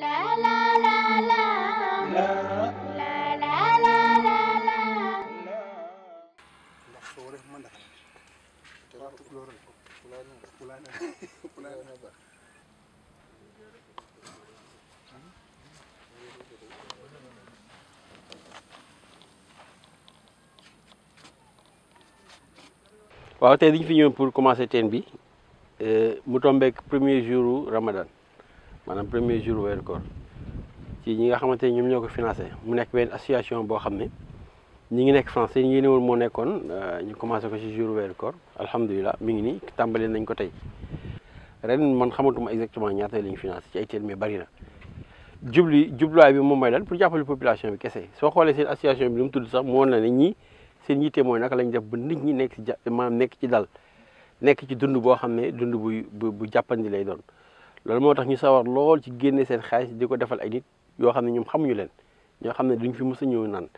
la la. dañu pour commencer teen bi la euh, premier jour Ramadan maanaam premier jour weeru koor ci ñi nga xamante ni ñoom ñoo ko financé mu nekk benn association boo xam ne ñi ngi nekk France seen yéenewul moo nekkoon euh, ñu commencé ko ci jour weeru koor alhamdulilah mi ngi nii tàmbali nañ ko tey ren man xamatuma exactement ñaata la ñu financé ci ay mais bari na. jubli jubluwaay bi moom mooy lan pour jàppale population bi kese soo xoolee seen association bi lu mu tudd sax moo na ne ñi seen yitte mooy naka lañ def ba nit ñi nekk ci ja maanaam nekk ci dal nekk ci dund boo xam ne dund bu bu jàppandi lay doon. loolu moo tax ñu sawar loolu ci génne seen xaalis di ko defal ay nit yoo xam ne ñoom xamuñu leen ñoo xam ne duñ fi mës sa ñëw naan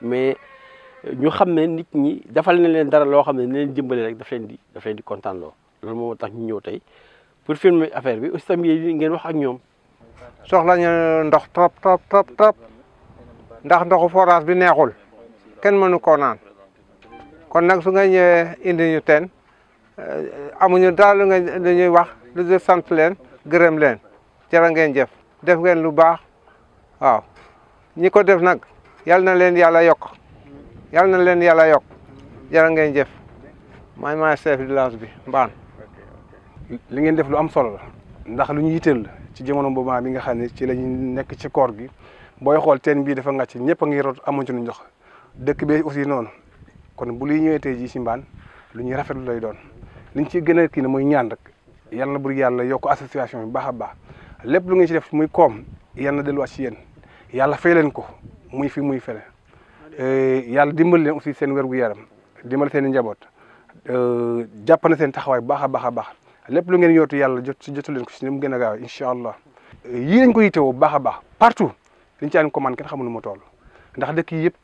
mais ñu xam ne nit ñi defal na leen dara loo xam ne ne leen jëmbale rek daf leen di daf di kontaan loo loolu moo tax ñu ñëw tey pour filmer affaire bi aussi tam yéen ngeen wax ak ñoom. soxla ñu ndox trop trop trop trop ndax ndoxu forage bi neexul kenn mënu koo naan kon nag su nga ñëwee indi ñu teen euh, amuñu daal lu nga lu ñuy wax lu dul leen. gërëm leen jërë ngeen jëf def ngeen lu baax waaw ñi ko def nag yal na leen yàlla yokk yal na leen yàlla yokk jërë ngeen jëf maay maay chef de bi mbaan ngeen def lu am solo la ndax lu ñu yitteel la ci jamono boobu bi nga xam ne ci la ñu nekk ci koor gi booy xool teen bii dafa ngàcc ñëpp a ngi rot amuñ ci lu ndox dëkk bi aussi noonu kon bu luy ñëwee tey jii si mbaan lu ñuy rafetlu lay doon liñ ci gën a kii ne mooy ñaan rek yal na bur yàlla yokk association bi baax a baax lépp lu ngeen si def muy koom yal na delluwaat ci yéen yàlla fay leen ko muy fi muy fene eh, yàlla dimbal leen aussi seen wergu yaram dimbali seen i njaboot eh, jàpp na seen taxawaay baax a baax a baax lépp lu ngeen yootu yàlla jot ci jotu leen ko si ni mu gën a gaaw incha allah eh, yii dañ ko yitewoo baax a baax partout liñ ci ko man ken xamul nu mu toll ndax dëkk yi yëpp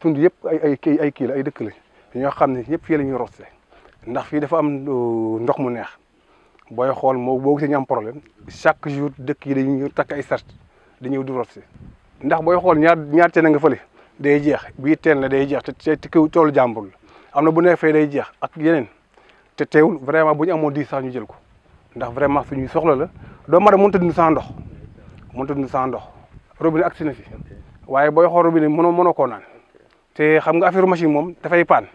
tund yëpp ay ay kii ay kii la ay dëkk la ñoo xam ne ñëpp fii la ñuy roste ndax fii dafa am ndox mu neex booy xool moo boo gisee ñu problème chaque jour dëkk yi dañuy takk ay sart dañuy di root si ndax booy xool ñaar ñaar teen a nga fële day jeex bii teen la day jeex te te kaw toolu jàmbur am na bu nekk day jeex ak yeneen te teewul vraiment bu ñu amoon di sax ñu jël ko ndax vraiment suñuy soxla la doo mën a mënut a dund ndox mënut a dund sans ndox robinet agsi na fi waaye booy xool robinet mënoo mënoo koo naan te xam nga affaire machine moom dafay paan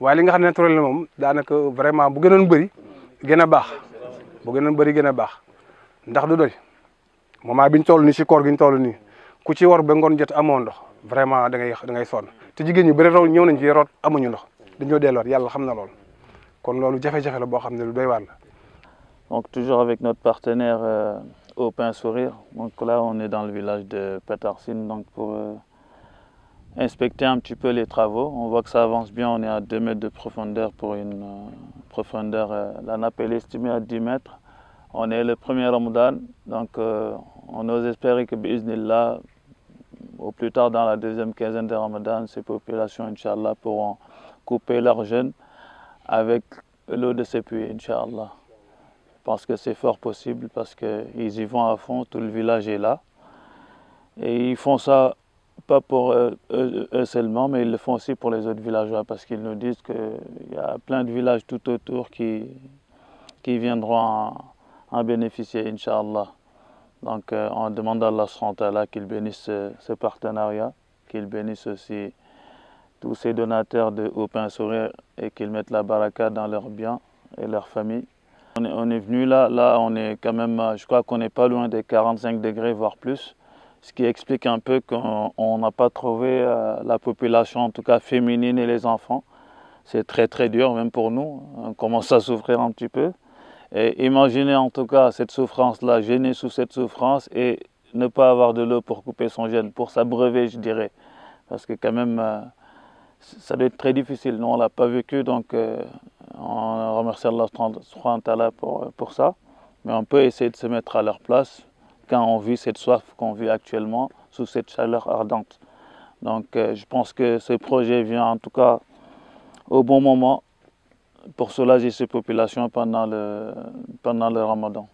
waaye li nga xam ne naturel la moom daanaka vraiment bu gën gënoon bëri gën a baax. bu gën a bëri gën a baax ndax du doy moment bi ñu ni nii si koor gi ñu ni. nii ku ci war ba ngoon jot amoo ndox vraiment da ngay da ngay sonn te jigéen ñi bëri lool ñëw nañ ci root amuñu ndox dañoo delluwaat yàlla xam lool kon loolu jafe-jafe la boo xam ne doy waar donc toujours avec notre partenaire euh, au Pain Sourire donc là on est dans le village de Patarsine donc pour. Euh inspecter un petit peu les travaux. On voit que ça avance bien, on est à 2 mètres de profondeur pour une euh, profondeur. Euh, la nappe est estimée à 10 mètres. On est le premier Ramadan, donc euh, on ose espérer que là, au plus tard dans la deuxième quinzaine de Ramadan, ces populations, Inch'Allah, pourront couper leur jeûne avec l'eau de ces puits, Inch'Allah. Parce que c'est fort possible, parce qu'ils y vont à fond, tout le village est là. Et ils font ça pas pour euh, eux, seulement, mais ils le font aussi pour les autres villageois parce qu'ils nous disent qu'il y a plein de villages tout autour qui, viendront en, bénéficier, Inch'Allah. Donc euh, on demande à Allah qu'il bénisse ce, partenariat, qu'il bénisse aussi tous ces donateurs de Au Pain Sourire et qu'ils mettent la baraka dans leurs biens et leurs familles. On est, on venu là, là on est quand même, je crois qu'on n'est pas loin des 45 degrés, voire plus ce qui explique un peu qu'on n'a pas trouvé euh, la population, en tout cas féminine et les enfants. C'est très très dur, même pour nous. On commence à souffrir un petit peu. Et imaginez en tout cas cette souffrance-là, gêner sous cette souffrance et ne pas avoir de l'eau pour couper son gène, pour s'abreuver, je dirais. Parce que quand même, euh, ça doit être très difficile. Nous, on ne l'a pas vécu, donc euh, on remercie Allah pour, pour ça. Mais on peut essayer de se mettre à leur place quand on vit cette soif qu'on vit actuellement sous cette chaleur ardente. Donc euh, je pense que ce projet vient en tout cas au bon moment pour soulager ces populations pendant le, pendant le ramadan.